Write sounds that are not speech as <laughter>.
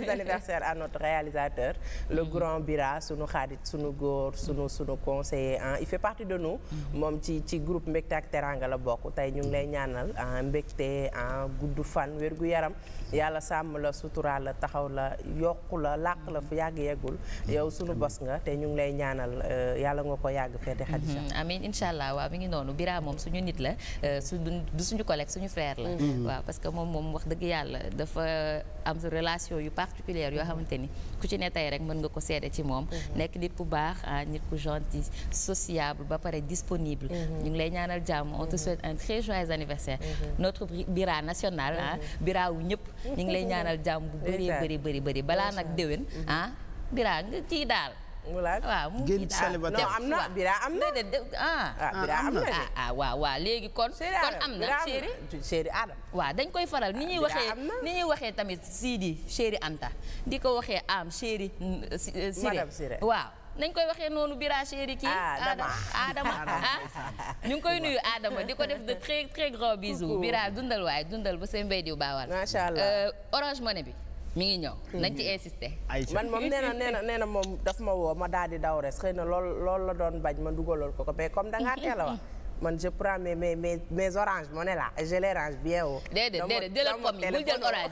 joyeux anniversaire à notre réalisateur le mm-hmm. grand Bira suñu xarit suñu góor suñu sunu conseiller ah il fait partie de nous mm-hmm. moom ci ci groupe Mbégte ak Teranga la bokk tey ñu ngi lay ñaanal mbégte en gudd fan wér gu yaram yàlla sàmm la suturaal la taxaw la yokku la làq la fu yàgg yeggul mm-hmm. yow sunu bos nga te ñu ngi lay ñaanal euh, yàlla nga ko yàgg feete xadisa amiin incha allah waaw mi ngi noonu Bira suñu nit la euh, du suñu collègue suñu frère waaw parce que moom moom wax dëgg yàlla dafa am relation yu particulière yoo xamante ni ku ci ne tey rek mën nga ko seede ci moom mhm. nekk nit bu baax ah, nit ku gentil sociable ba pare disponible mhm. ñu ngi lay ñaanal jàmm on te mhm. souhaite un très joyeux anniversaire notre bira national ah bira wu ñëpp ñu ngi lay <laughs> ñaanal jàmm bu bëri bëri bëri balaa nag déwén ah nga kii daal waaw mu ngi non am na Bira am na. Ah. Ah, ah am na ah, ah waaw waaw léegi kon. kon am na chéri waaw dañ koy faral ni ñuy waxee ni ñuy waxee tamit Sidi chéri Anta di ko waxee am chéri mm, euh, Siré waaw. dañ koy waxee noonu Bira chéri kii. Adama Adama ah. ngi koy nuyu Adama di ko def de très très gros bisous. Bira dundal waay dundal ba seen mbéy di baawal. macha allah euh, orange money bi. mi ngi ñëw mm-hmm. nañ ci insister. man moom nee na nee na moom daf ma woo ma daal di daw res xëy na lool la doon bañ ma dugalool ko ko mais comme da ngaa teel a wax. <laughs> man je prends mes mes mes mes oranges moo ne la je les range bien haut. déedéet déedéet jëlal pomme yi bul jël orange